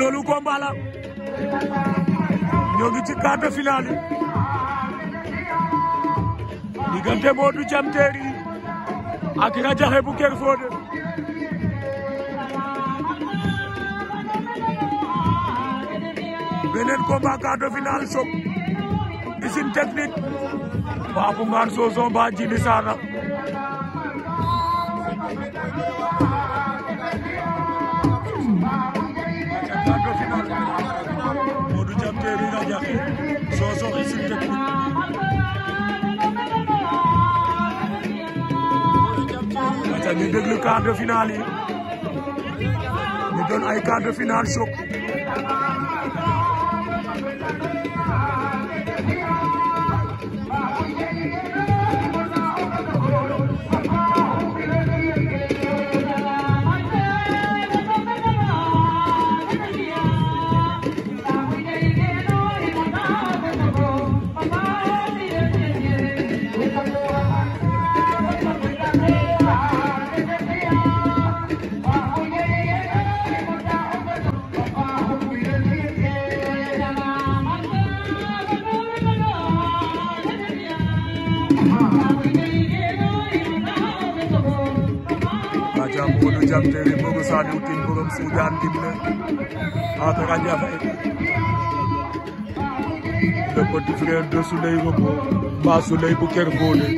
loolu combat la ñoo ngi ci quart de finale diggante Modou Thiam Terry ak Radiakhé bu Kër Fodé beneen combat quart de finale choc usine technique Babou Ngane Sosson ba Djily Sana déglu quart de finale yi ñu doon ay quart de finale choc. Mwen nou jante li pou mwen sade ou tin pou mwen soudan din le. Ate kanya fay. Le poti fre yon de souley pou mwen. Ma souley pou ker vole.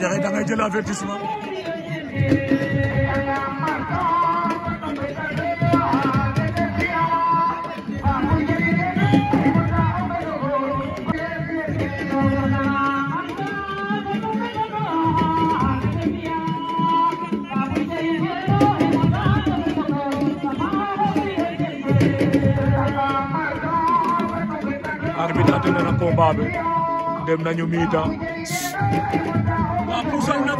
Yaya Jaxé da ngay jël avertissement arbitre dina na combat bi dem nañu mi-temps waa puusal na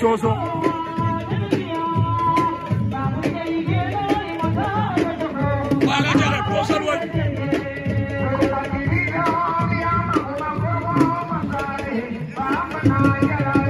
Sosok Yaya Jammeh posal waju Yaya Jammeh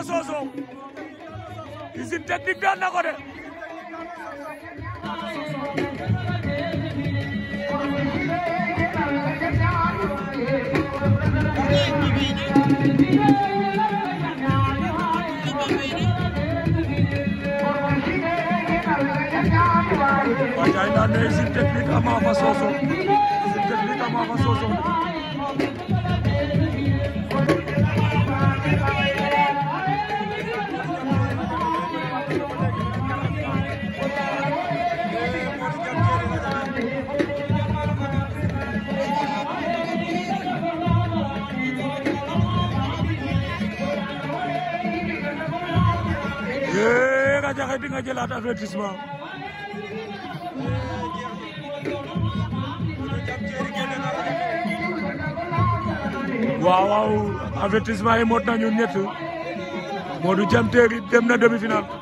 na Sossokh Usine Technique daan na ko de Wajaay daan na Usine Technique Ama fa Sossokh Usine Technique Ama fa Sossokh jaxajaxe di nga jëlaat avertissement waaw waaw avertissement yi mot na ñun ñett Modou Diam Terry dem na demi-finale